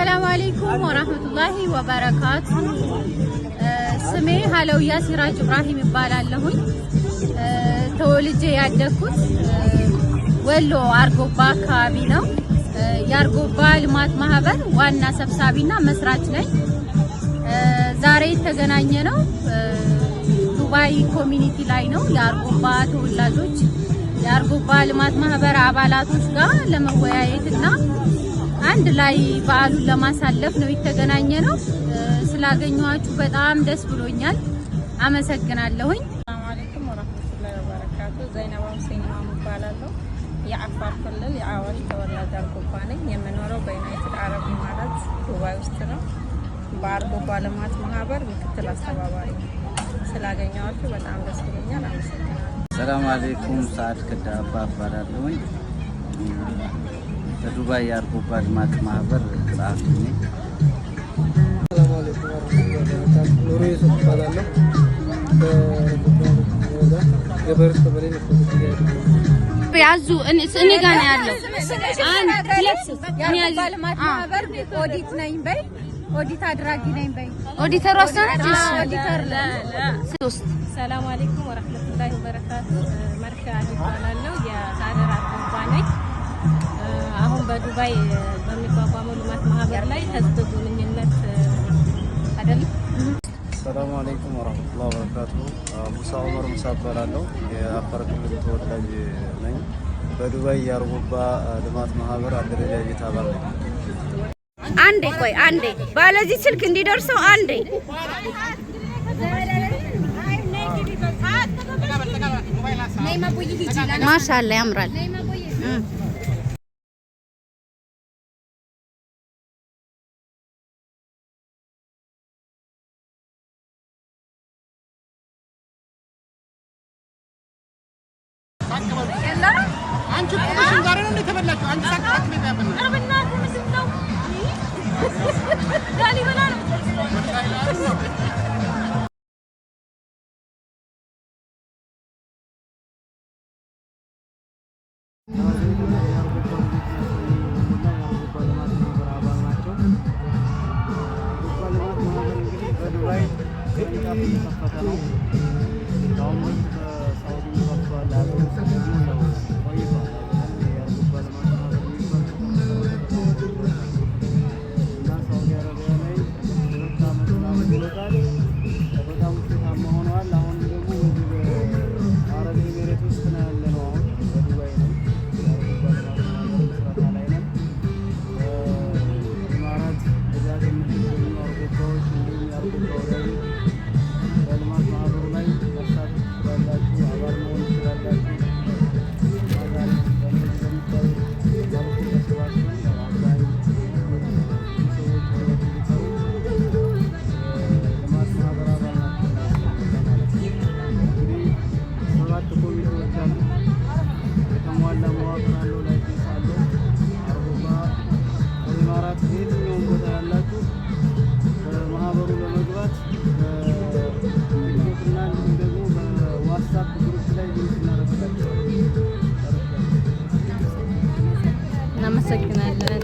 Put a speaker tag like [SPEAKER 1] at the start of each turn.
[SPEAKER 1] አሰላሙ አሌይኩም ወራህመቱላሂ ወበረካቱ። ስሜ ሀለውያ ሲራጅ ኢብራሂም ይባላለሁኝ። ተወልጄ ያደግኩት ወሎ አርጎባ አካባቢ ነው። የአርጎባ ልማት ማህበር ዋና ሰብሳቢና መስራች ነኝ። ዛሬ የተገናኘ ነው ዱባይ ኮሚኒቲ ላይ ነው የአርጎባ ተወላጆች የአርጎባ ልማት ማህበር አባላቶች ጋር ለመወያየት እና አንድ ላይ በዓሉን ለማሳለፍ ነው የተገናኘ ነው። ስላገኘኋችሁ በጣም ደስ ብሎኛል። አመሰግናለሁኝ።
[SPEAKER 2] ሰላም አለይኩም ወራህመቱላሂ ወበረካቱ። ዘይነባ ሁሴን ኢማም እባላለሁ። የአፋር ክልል የአዋሽ ተወላጅ አርጎባ ነኝ። የምኖረው በዩናይትድ አረብ ኢማራት ዱባይ ውስጥ ነው። በአርጎባ ልማት ማህበር ምክትል አስተባባሪ። ስላገኘኋችሁ በጣም ደስ ብሎኛል። አመሰግናለሁ።
[SPEAKER 3] ሰላም አለይኩም። ሰዓድ ክዳ አባ እባላለሁኝ ከዱባይ የአርጎባ ልማት ማህበር ጸሐፊ ነኝ።
[SPEAKER 4] ሰላም ወበረካቱ።
[SPEAKER 5] ያዙ እኔ ነው ያለው።
[SPEAKER 6] ኦዲት ነኝ በይ ኦዲት አድራጊ ነኝ በይ።
[SPEAKER 5] ኦዲተር
[SPEAKER 7] ሶስት ሰላም አለይኩም ወረህመቱላሂ ወበረካቱ። በዱባይ በሚቋቋመው ልማት ማህበር ላይ ህዝብ ግንኙነት
[SPEAKER 8] አይደለም። ሰላሙ አለይኩም ወራህመቱላሂ ወበረካቱ። ሙሳ ኡመር ሙሳ እባላለሁ። የአፋር ክልል ተወላጅ ነኝ። በዱባይ የአርጎባ ልማት ማህበር አደረጃጀት አባል ነኝ።
[SPEAKER 5] አንዴ ቆይ፣ አንዴ ባለዚህ ስልክ እንዲደርሰው አንዴ ማሻአላ ያምራል። አንቺ ቁምሽን ዛሬ ነው የተበላችሁ። አንቺ ሳቅሳቅ ቤት ያበላል። Thank you. sorgulat. Telefonundan Namaste, günaydın.